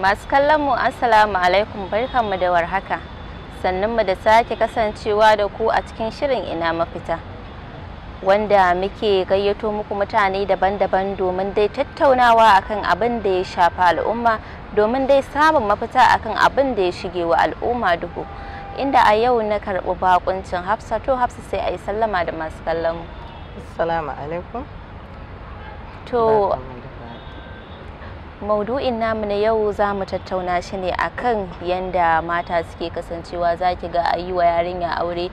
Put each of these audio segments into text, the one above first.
Masu kallon mu assalamu alaikum mu da warhaka. Sannan mu da sake kasancewa da ku a cikin shirin ina mafita. Wanda muke gayyato muku mutane daban-daban domin dai tattaunawa akan abin da ya shafa al'umma domin dai samun mafita akan abin da ya shige wa al'umma duhu. Inda a yau na karɓi bakuncin Hafsa to Hafsa sai a yi sallama da masu kallon mu. Assalamu alaikum. To maudu'in namu na yau za mu tattauna shi ne akan yadda mata suke kasancewa za ki ga a yi wa yarinya aure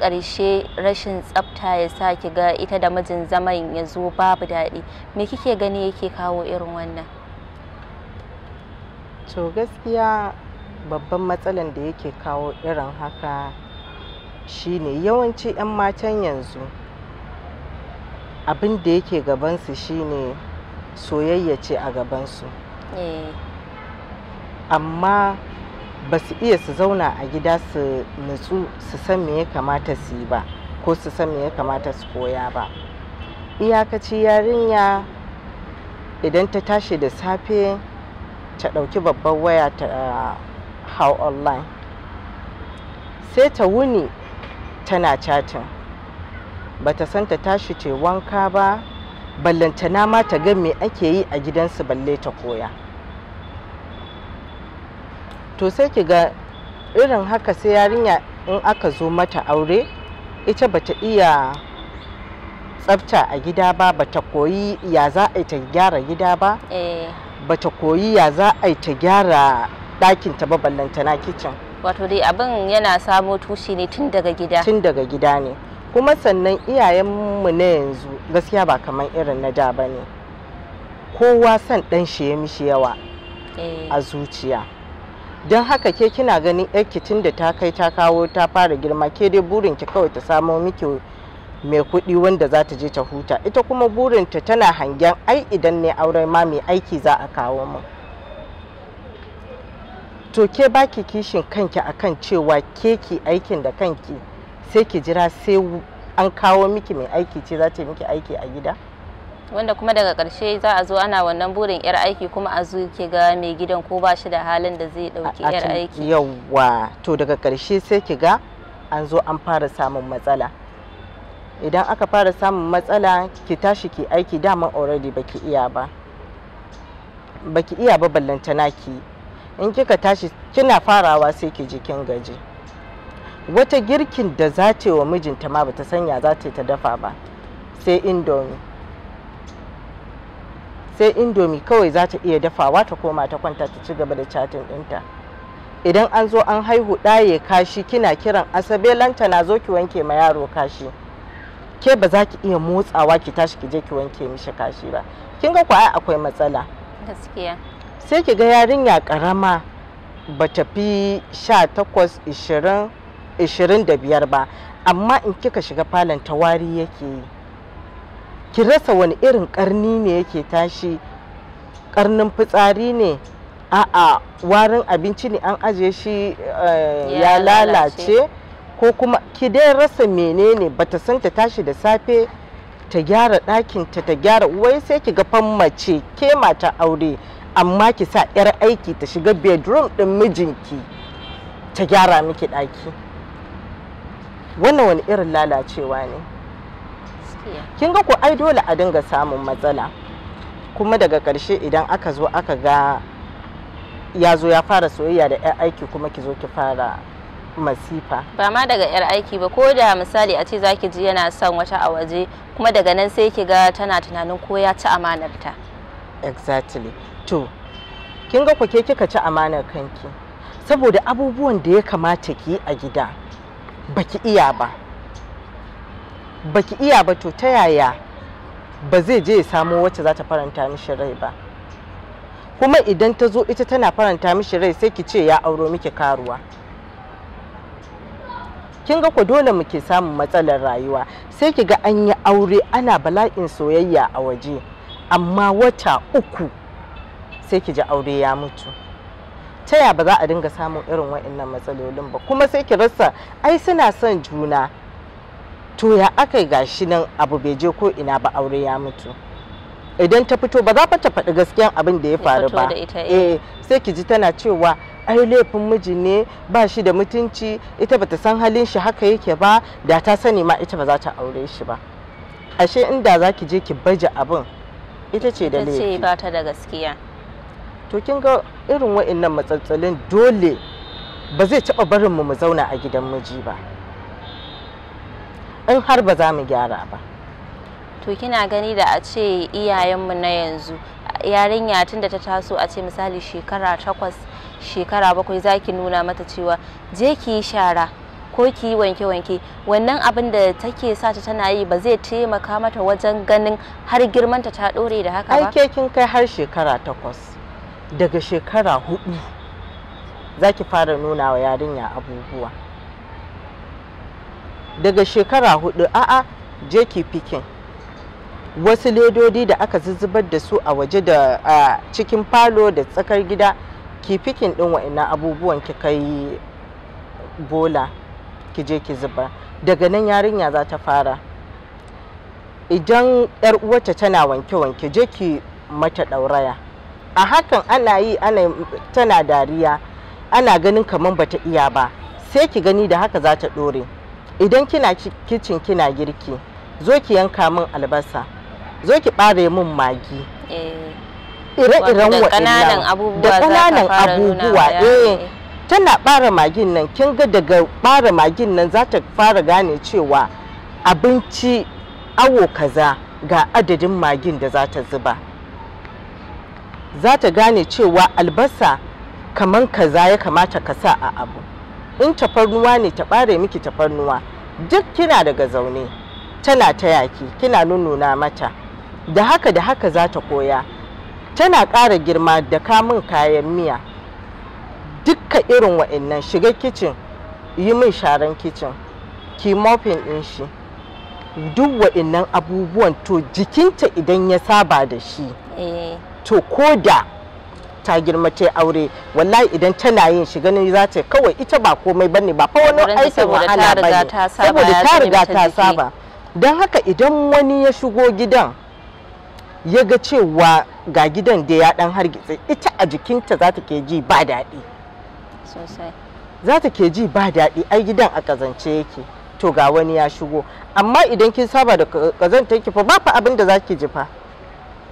ƙarshe rashin tsafta ya sa ki ga ita da mijin zaman ya zo babu daɗi me kike gani yake kawo irin wannan to gaskiya babban matsalan da yake kawo irin haka shine yawanci 'yan matan yanzu abin da yake gabansu shine soyayya ce a gabansu eh. amma ba su iya su zauna a gida su nutsu su san me ya kamata su yi ba ko su san me ya kamata su koya ba iyakaci yarinya idan ta tashi da safe ta ɗauki babban waya ta uh, hau online sai ta wuni tana chatin ba ta san ta tashi ce wanka ba ballantana ma ta ga me ake yi a gidansu balle ta koya to sai ki ga irin haka sai yarinya in aka zo mata aure ita bata iya tsafta a gida ba bata koyi ya za a ta gyara gida ba eh. bata koyi ya za a ta gyara ɗakin ta ba ballantana kicin wato dai abin yana samo tushe ne tun daga gida tun daga gida ne kuma sannan iyayenmu na yanzu gaskiya ba kamar irin na da ba ne kowa san ɗan shi ya mishi yawa eh. a zuciya don haka ke kina ganin yarki tun da ta kai ta kawo ta fara girma ke dai burin ki kawai ta samo miki mai kuɗi wanda za ta je ta huta ita kuma burinta tana hangen ai idan ne auren ma mai aiki za a kawo mu to ke baki kishin kanki akan cewa keki aikin da kanki sai ki jira sai an kawo miki mai aiki ce za ta miki aiki a gida wanda kuma daga karshe za a zo ana wannan burin yar aiki kuma a zo ki ga mai gidan ko ba shi da halin da zai dauki yar aiki yawa to daga karshe sai ki ga an zo an fara samun matsala idan aka fara samun matsala ki tashi ki aiki dama already baki iya ba baki iya ba ballantana ki in kika tashi kina farawa sai ki jikin gaji wata girkin da za ta wa mijinta ma bata sanya za ta yi ta dafa ba sai indomi sai indomi kawai za ta iya dafawa ta koma ta kwanta ta ci gaba da catin ɗinta idan an zo an haihu ɗaye kashi kina kiran asabelanta na zo ki wanke ma yaro kashi ke ba za ki iya motsawa ki tashi ki je ki wanke mishi kashi ba kin ga kwaya akwai matsala gaskiya sai ki ga yarinya karama ba ta fi 18 20 25 ba amma in kika shiga falon tawari yake yi ki rasa wani irin karni ne yake tashi karnin fitsari ne a'a warin abinci ne an ajiye shi eh, ya lalace ko kuma ki dai rasa menene bata san ta tashi da safe ta gyara ɗakinta ta gyara wai sai ki ga mace ke mata aure amma ki sa 'yar aiki ta shiga bedroom ɗin mijinki ta gyara miki ɗaki. wannan wani irin lalacewa ne kin ga ku ai dole a dinga samun matsala kuma daga ƙarshe idan aka zo aka ga ya zo ya fara soyayya da 'yan aiki kuma ki zo ki fara masifa ba ma daga 'yar aiki ba ko da misali a ce za ki ji yana son wata a waje kuma daga nan sai ki ga tana tunanin ko ya ci amanarta exactly to kin ga ku ke kika ci amanar kanki saboda abubuwan da ya kamata ki a gida baki iya ba baki iya ba to ta yaya ba zai je ya samo wacce za ta faranta mishi rai ba kuma idan ta zo ita tana faranta mishi rai sai ki ce ya auro miki karuwa kin ga ku dole muke samun matsalar rayuwa sai ki ga an yi aure ana bala'in soyayya a waje amma wata uku sai ki ji aure ya mutu ta ya ba za a dinga samun irin wa'annan matsalolin ba kuma sai ki rasa ai suna son juna to ya aka gashi nan abu bai je ko ina ba aure ya mutu idan ta fito ba za fa ta faɗi gaskiyan abin da ya faru ba eh. eh sai ki ji tana cewa ai laifin miji ne ba shi da mutunci ita bata san halin shi haka yake ba da ta sani ma ita ba za ta aure shi ba ashe inda za ki je ki baje abin ita ce da laifi ba ta da gaskiya to kin ga irin wa'annan matsatsalin dole ba zai taɓa barin mu mu zauna a gidan miji ba in har ba za mu gyara ba to kina gani da a ce iyayenmu na yanzu yarinya tun da ta taso a ce misali shekara takwas shekara bakwai za ki nuna mata cewa je ki yi shara ko ki yi wanke-wanke wannan abin da take sa ta tana yi ba zai taimaka mata wajen ganin har girmanta ta ɗore da haka ba ai kin kai har shekara takwas daga shekara hudu za ki fara nuna wa yarinya abubuwa daga shekara hudu a'a je ki fikin wasu ledodi da aka zuzzubar da su a waje da a cikin falo da tsakar gida ki fikin din wa'annan abubuwan ki kai bola ki je ki zuba. daga nan yarinya za ta fara idan yar uwarta tana wanke-wanke je ki mata ɗauraya a hakan ana yi ana tana dariya ana ganin kamar bata iya ba sai ki gani da haka za ta dore idan kina kicin kina girki zo ki yanka min albasa zo ki ɓare min magi eh. ire-iren waɗannan da ƙananan abubuwa eh tana bara magin nan kin ga daga bara magin nan za ta fara gane cewa abinci awo kaza ga adadin magin da za ta zuba za ta gane cewa albasa kaman kaza ya kamata ka sa a abu in tafarnuwa ne ta ɓare miki tafarnuwa duk kina daga zaune tana ta yaki kina nununa mata da haka da haka za ta koya tana ƙara girma da kamun kayan miya dukka irin wa'annan shiga kicin yi min sharan kicin ki mofin ɗin shi duk wa'annan abubuwan to jikinta idan ya saba da shi eh. to ko da ta girma ta aure wallahi idan tana yin shi ganin za ta kawai ita ba komai bane ba fa wani aikin wahala bane saboda ta riga ta saba don haka idan wani ya shigo gidan ya ga cewa ga gidan da ya dan hargitse ita a jikinta za ta ke ji ba daɗi sosai za ta ke ji ba daɗi ai gidan a kazance yake to ga wani ya shigo amma idan kin saba da kazantar ki fa ba fa abin da za ki ji fa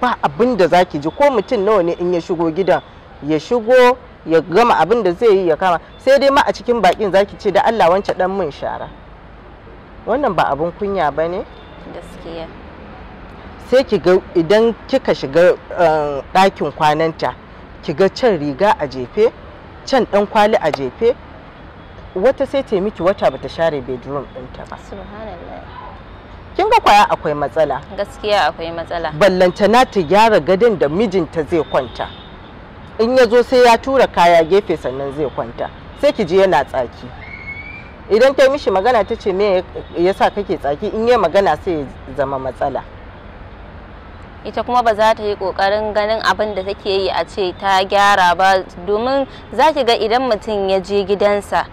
ba abin da zaki ji ko mutum nawa ne in ya shigo gidan ya shigo ya gama abin da zai yi ya kama sai dai ma a cikin bakin zaki ce da Allah wance dan mun shara wannan ba abin kunya ba ne sai ki ga idan kika shiga eh, ɗakin kwananta ki ga can riga a jefe can ɗan kwali a jefe wata sai ta miki wata bata share bedroom ɗinta ba kin ga kwaya akwai matsala gaskiya akwai matsala ballantana ta gyara gadon da mijinta zai kwanta in ya zo sai ya tura kaya gefe sannan zai kwanta sai ki ji yana tsaki idan kai mishi magana ta ce me yasa kake tsaki in yi magana sai ya zama matsala ita kuma ba za ta yi kokarin ganin abin da take yi a ce ta gyara ba domin za ki ga idan mutum ya je gidansa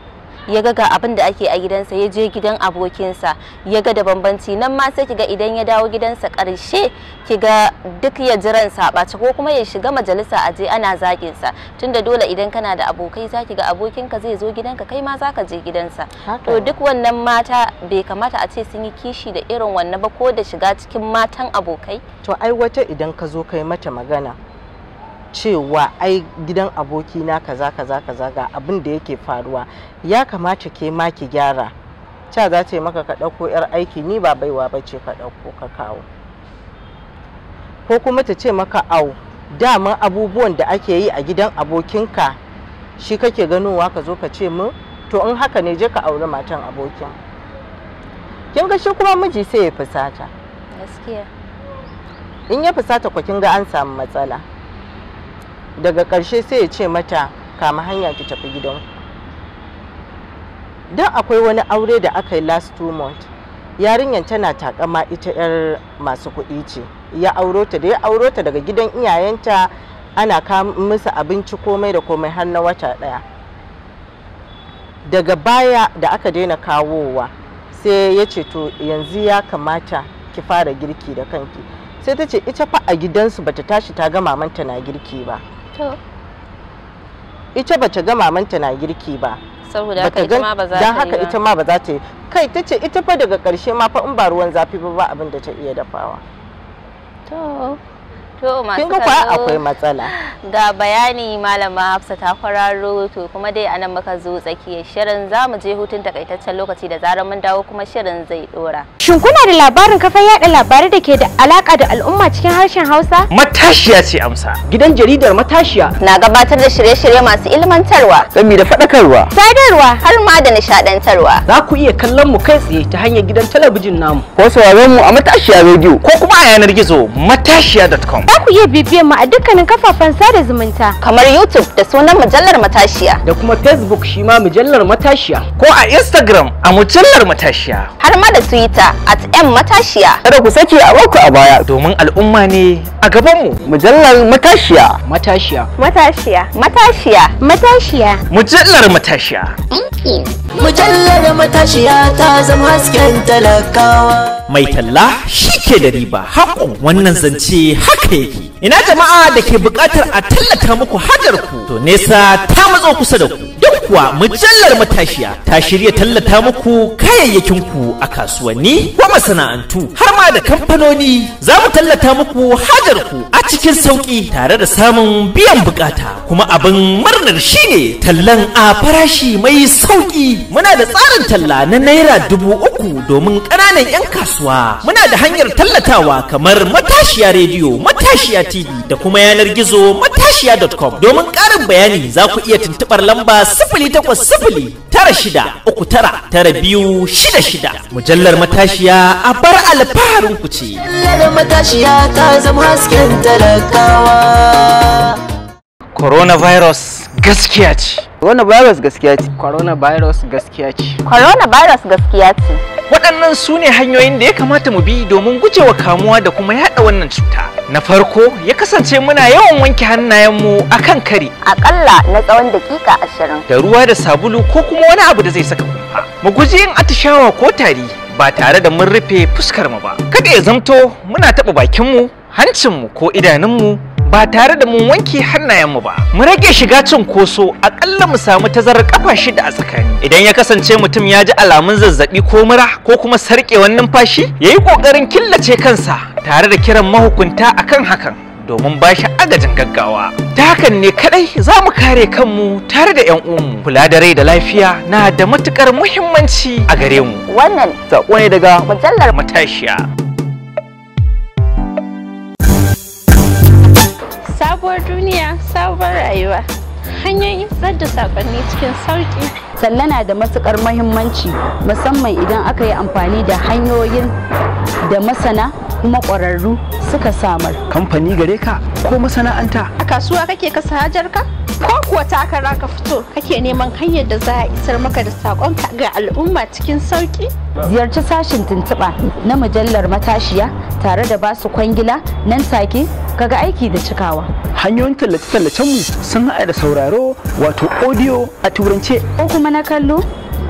ya ga ga abin da ake a gidansa ya je gidan abokinsa ya ga da bambanci nan ma sai kiga idan ya dawo gidansa karshe kiga duk ya jiran sabace ko kuma ya shiga majalisa a je ana zakin sa tunda dole idan kana da abokai za ga abokinka zai zo gidanka kai ma za ka je gidansa to duk wannan mata bai kamata a ce sun yi kishi da irin wannan ba ko da shiga cikin matan abokai to ai wata idan ka zo kai mata magana cewa ai gidan abokina kaza kaza kaza ga abin da yake faruwa ya kamata ke ma ki gyara ca za ta yi maka ka ɗauko 'yar aiki ni ba baiwa ba ce ka ɗauko ka kawo ko kuma ta ce maka au daman abubuwan da ake yi a gidan abokinka shi kake ganowa ka zo ka ce mu to in haka ne je ka auri matan abokin kin ga shi kuma miji sai ya fusata gaskiya in ya fusata ku kin ga an samu matsala daga ƙarshe sai ya ce mata kama hanya ki tafi gidan don akwai wani aure da aka yi last two months yarinyar tana takama ita 'yar masu kuɗi ce ya auro ta da ya auro ta daga gidan iyayenta ana musu abinci komai da komai har na wata ɗaya daga baya da aka daina kawowa sai ya ce to yanzu ya kamata ki fara girki da kanki sai ta ce ita fa a gidansu bata tashi ta ga mamanta na girki ba ita bata ga mamanta na girki ba saboda haka ita ma ba za ta yi haka ita ma ba kai ta ce ita fa daga ƙarshe ma fa in ba ruwan zafi ba ba abin da ta iya dafawa to to masu ga akwai matsala ga bayani malama Hafsa ta kwararo to kuma dai anan muka zo tsakiya shirin zamu je hutun takaitaccen lokaci da zarar mun dawo kuma shirin zai dora shin kuna da labarin kafar yada labarai da ke da alaka da al'umma cikin harshen Hausa matashiya ce amsa gidan jaridar matashiya na gabatar da shirye-shirye masu ilmantarwa gami da faɗakarwa sadarwa har ma da nishaɗantarwa. za ku iya kallon mu kai tsaye ta hanyar gidan talabijin namu ko sauraron mu a matashiya rediyo ko kuma a yanar gizo matashiya.com za ku iya bibiyan mu a dukkanin kafafen sada zumunta kamar YouTube da sunan mujallar matashiya da kuma Facebook shi ma mujallar matashiya ko a Instagram a mujallar matashiya har ma da Twitter at m matashiya kada ku sake a baku a baya domin al'umma ne a gaban mu mujallar matashiya matashiya matashiya matashiya matashiya mujallar matashiya thank you mujallar matashiya ta zama hasken talakawa mai talla shi ke da riba haƙo wannan zance haka yake ina jama'a da ke buƙatar a tallata muku hajar ku to nesa ta matso kusa da ku kuwa mujallar matashiya ta shirya tallata muku kayayyakin ku a kasuwanni ko masana'antu har ma da kamfanoni za mu tallata muku hajarku a cikin sauƙi tare da samun biyan bukata kuma abin murnar shine tallan a farashi mai sauƙi muna da tsarin talla na naira dubu uku domin ƙananan 'yan kasuwa muna da hanyar tallatawa kamar matashiya rediyo matashiya tv da kuma yanar gizo matashiya.com domin ƙara ƙarin bayani za ku iya tuntuɓar lamba sifili takwas sifili tara shida uku tara tara biyu shida shida mujallar matashiya a bar alfaharin ku ce. Mujallar matashiya ta zama hasken talakawa. Coronavirus gaskiya ce. Coronavirus gaskiya ce. Coronavirus gaskiya ce. Coronavirus gaskiya ce. Waɗannan su ne hanyoyin da ya kamata mu bi domin gujewa kamuwa da kuma yaɗa wannan cuta. na farko ya kasance muna yawan wanke hannayenmu a kan kare akalla na tsawon dakika ashirin da ruwa da sabulu ko kuma wani abu da zai saka kumfa mu guji yin atishawa ko tari ba tare da mun rufe fuskar mu ba kada ya zamto muna taɓa bakinmu hancinmu ko idanunmu ba tare da mun wanke mu ba mu rage shiga cinkoso akalla mu samu tazarar kafa shida a tsakani idan ya kasance mutum ya ji alamun zazzaɓi ko mura ko kuma sarƙewar numfashi ya yi ƙoƙarin killace kansa tare da kiran mahukunta akan hakan domin ba shi agajin gaggawa ta hakan ne kadai za mu kare kanmu tare da 'yan uwanmu kula da rai da lafiya na da matukar muhimmanci a gare mu wannan sako ne daga mujallar matashiya sabuwar duniya sabuwar rayuwa hanyoyin tsar da sakonni cikin sauki sallana da matukar muhimmanci musamman idan aka yi amfani da hanyoyin da masana kuma ƙwararru suka samar. Kamfani gare ka ko masana'anta? A kasuwa kake kasa hajar ka? Ko kuwa takara ka fito kake neman hanyar da za a isar maka da saƙonka ga al'umma cikin sauƙi? Ziyarci sashin tuntuɓa na mujallar matashiya tare da basu kwangila nan take kaga aiki da cikawa. Hanyoyin tallace tallacenmu sun haɗa da sauraro wato audio a turance. Ko kuma na kallo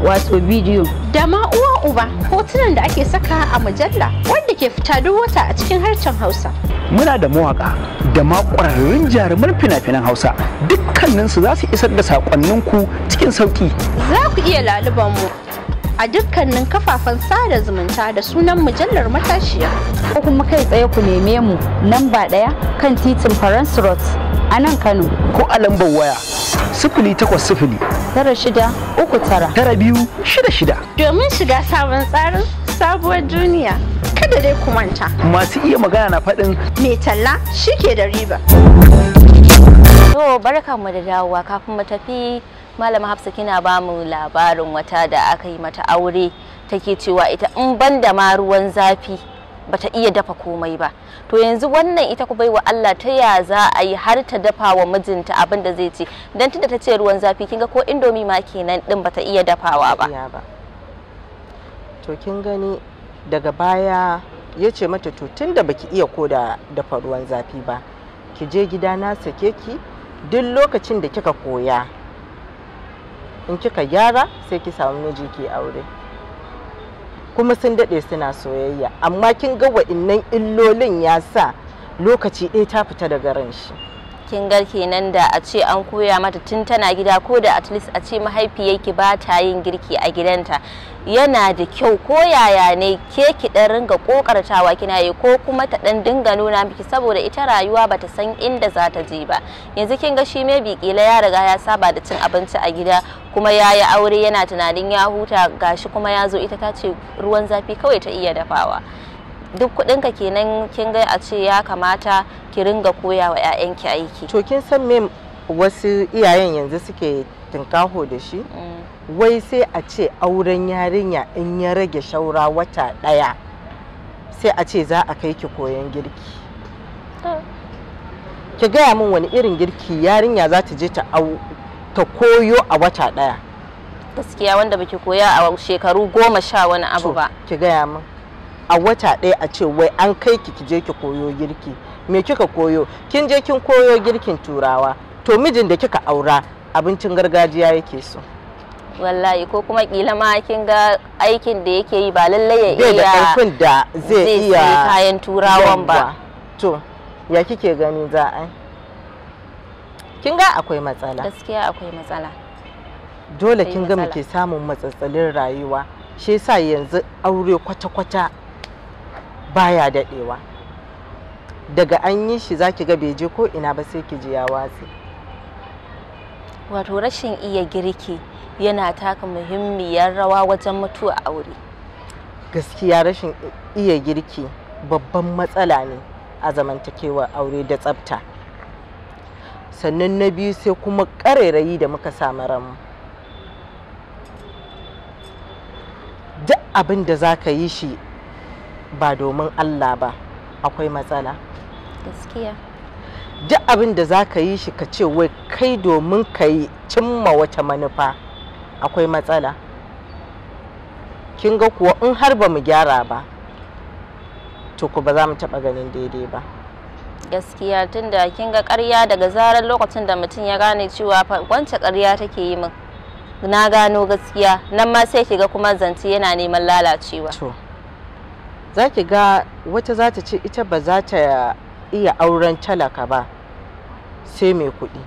wato bidiyo da ma uwa uba hotunan da ake saka a mujalla wanda ke fita duk wata a cikin harshen hausa muna da mawaka da ma ƙwararrun jaruman fina-finan hausa dukkaninsu za su isar da ku cikin sauƙi za ku iya laluban mu a dukkanin kafafen sada zumunta da sunan mujallar matashiya ko kuma kai tsaye ku neme mu nan ba ɗaya kan titin faransu a nan Kano. Ko a lambar waya sifili takwas sifili. Tara shida uku tara. Tara biyu shida shida. Domin shiga sabon tsarin sabuwar duniya. Kada dai ku manta. Masu iya magana na faɗin. Mai talla shi ke da riba. To barka mu da dawowa kafin mu tafi Malama Hafsa kina ba mu labarin wata da aka yi mata aure take cewa ita in ban da ma ruwan zafi. bata iya dafa komai ba to yanzu wannan ita ku baiwa Allah ta ya za a yi har ta dafa wa mijinta abin da zai ci dan tunda ta ce ruwan zafi kinga ko indomi ma kenan din bata iya dafawa ba to kin gani daga baya ya ce mata to tunda baki iya ko da dafa ruwan zafi ba ki je gida na sake ki duk lokacin da kika koya in kika gyara sai ki samu miji ki aure kuma sun daɗe suna soyayya amma kin ga wa'innan illolin ya sa lokaci ɗaya ta fita daga ran shi kin ga kenan da a ce an koya mata tun tana gida ko da at least a ce mahaifiyarki ba ta yin girki a gidanta yana da kyau ko yaya ne ke ki dan ringa kokartawa kina yi ko kuma ta dan dinga nuna miki saboda ita rayuwa ba ta san inda za ta je ba yanzu kin ga shi mai bikila kila ya riga ya saba da cin abinci a gida kuma ya yi aure yana tunanin ya huta gashi kuma ya zo ita ta ce ruwan zafi kawai ta iya dafawa duk kuɗinka kenan kin ga a ce ya kamata ki ringa koya wa 'ya'yanki aiki to kin san me wasu iyayen yanzu suke tinkaho da shi mm. wai sai a ce auren yarinya in ya rage shaura wata ɗaya sai a ce za a kai ki koyon girki ki gaya min wani irin girki yarinya za ta je ta koyo a wata ɗaya gaskiya wanda baki koya a shekaru goma sha wani abu ba ki gaya min a wata ɗaya a ce wai an kai ki ki je ki koyo girki me kika koyo kin je kin koyo girkin turawa to mijin da kika aura abincin gargajiya yake so wallahi ko kuma kila ma kin ga aikin da yake yi ba lallai ya iya da karfin da zai iya kayan turawan ba to ya kike gani za a kin ga akwai matsala gaskiya akwai matsala dole kin ga muke samun matsatsalin rayuwa shi yasa yanzu aure kwata-kwata baya daɗewa daga an yi shi za ki ga bai je ko ina ba sai ki ji ya watsi wato rashin iya girki yana taka muhimmiyar rawa wajen mutuwa aure gaskiya rashin iya girki babban matsala ne a zamantakewar aure da tsabta sannan na biyu sai kuma ƙarairayi da muka samu ranmu duk abin da za ka yi shi ba domin Allah ba akwai matsala gaskiya duk abin da za ka yi shi ka ce wai kai domin ka yi cimma wata manufa akwai matsala kin ga kuwa in har ba mu gyara ba to ku ba za mu taɓa ganin daidai ba gaskiya tunda kin ga ƙarya daga zarar lokacin da mutum ya gane cewa wancan karya take yi min na gano gaskiya nan ma sai kiga kuma zance yana neman lalacewa to za ki ga wata za ta ce ita ba za ta iya auren talaka ba sai mai kuɗi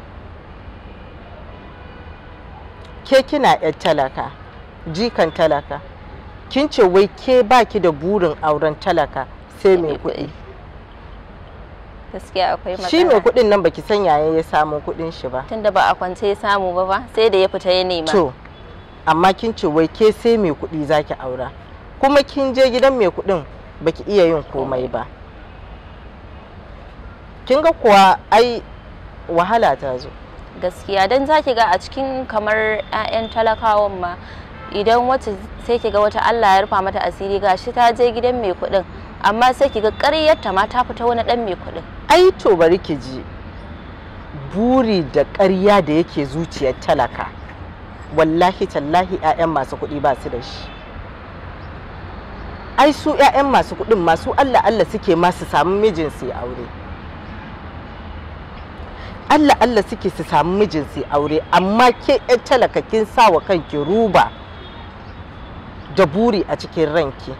ke kina 'yar talaka jikan talaka kin ce wai ke baki da burin auren talaka sai mai kuɗi shi mai kuɗin nan baki san yayin ya samu kuɗin shi ba tunda ba a kwance ya samu ba ba sai da ya fita ya nema to amma kin ce wai ke sai mai kuɗi zaki aura kuma kin je gidan mai kuɗin baki iya yin komai ba kin ga kuwa ai wahala ta zo gaskiya don za ki ga a cikin kamar 'ya'yan talakawan ma idan wata sai ki ga wata Allah ya rufa mata asiri gashi ta je gidan mai kuɗin amma sai ki ga ƙaryarta ma ta fita wani ɗan mai kuɗin ai to bari ki ji buri da ƙarya da yake zuciyar talaka wallahi tallahi 'ya'yan masu kuɗi ba su da shi ai su 'ya'yan masu kuɗin masu allah allah suke ma su samu mijin su aure allah allah suke su samu mijin su aure amma ke 'yan talaka kin sa wa kanki ruba da buri a cikin ranki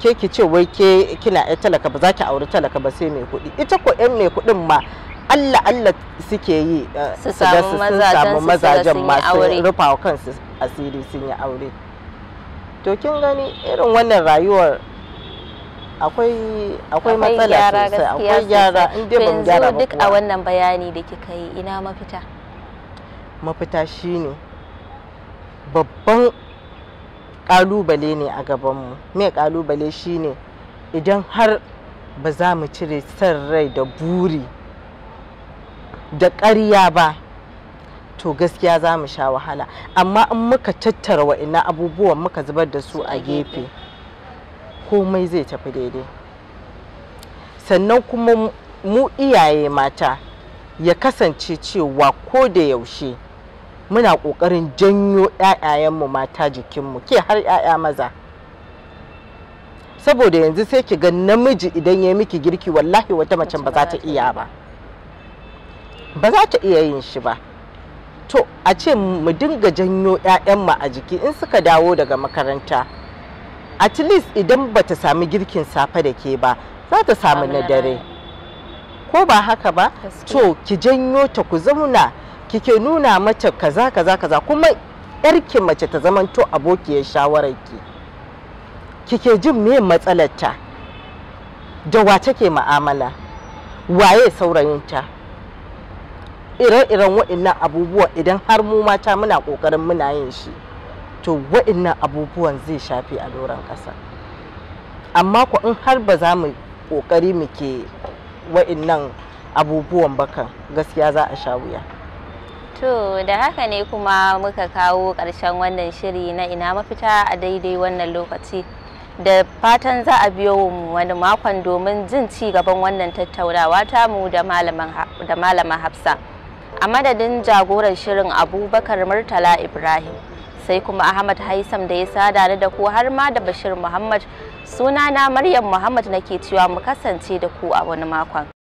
ke ki ce wai ke kina 'yan talaka ba za ki aure talaka ba sai mai kuɗi ita ko 'yan mai kuɗin ma Allah Allah suke yi eh, su samu mazajen masu rufawa kansu asiri sun yi aure. to kin gani irin wannan rayuwar akwai akwai matsala sosai akwai gyara in ban gyara ba duk a wannan bayani da kika yi ina mafita mafita shine babban kalubale ne a gabanmu me kalubale shine idan har ba za mu cire san rai da buri da ƙarya ba to gaskiya za mu sha wahala amma in muka tattara wa ina abubuwan muka zubar da su a gefe komai zai tafi daidai sannan kuma mu iyaye mata ya kasance cewa ko da yaushe muna ƙoƙarin janyo 'ya'yayenmu mata jikinmu ke har 'ya'ya maza saboda yanzu sai ki ga namiji idan ya miki girki wallahi wata macen ba za ta iya ba ba za ta iya yin shi ba to a ce mu dinga janyo 'ya'yanmu a jiki in suka dawo daga makaranta at least idan ba ta sami girkin safe da ke ba za ta samu na dare ko ba haka ba to ki janyo ta ku zauna kike nuna mata kaza kaza kaza kuma yarki mace ta zamanto abokiyar shawararki kike jin me matsalarta da wa take ma'amala waye saurayinta ire-iren waɗannan abubuwa idan har mu mata muna ƙoƙarin muna yin shi to waɗannan abubuwan zai shafi a doron ƙasa amma ku in har ba za mu ƙoƙari muke waɗannan abubuwan bakan gaskiya za a sha wuya to da haka ne kuma muka kawo ƙarshen wannan shiri na ina mafita a daidai wannan lokaci da fatan za a biyo mu wani makon domin jin ci gaban wannan tattaunawa tamu da malaman hafsa a madadin jagoran shirin abubakar murtala ibrahim sai kuma ahmad haisam da ya sada da ku har ma da bashir muhammad sunana maryam muhammad nake cewa mu kasance da ku a wani makon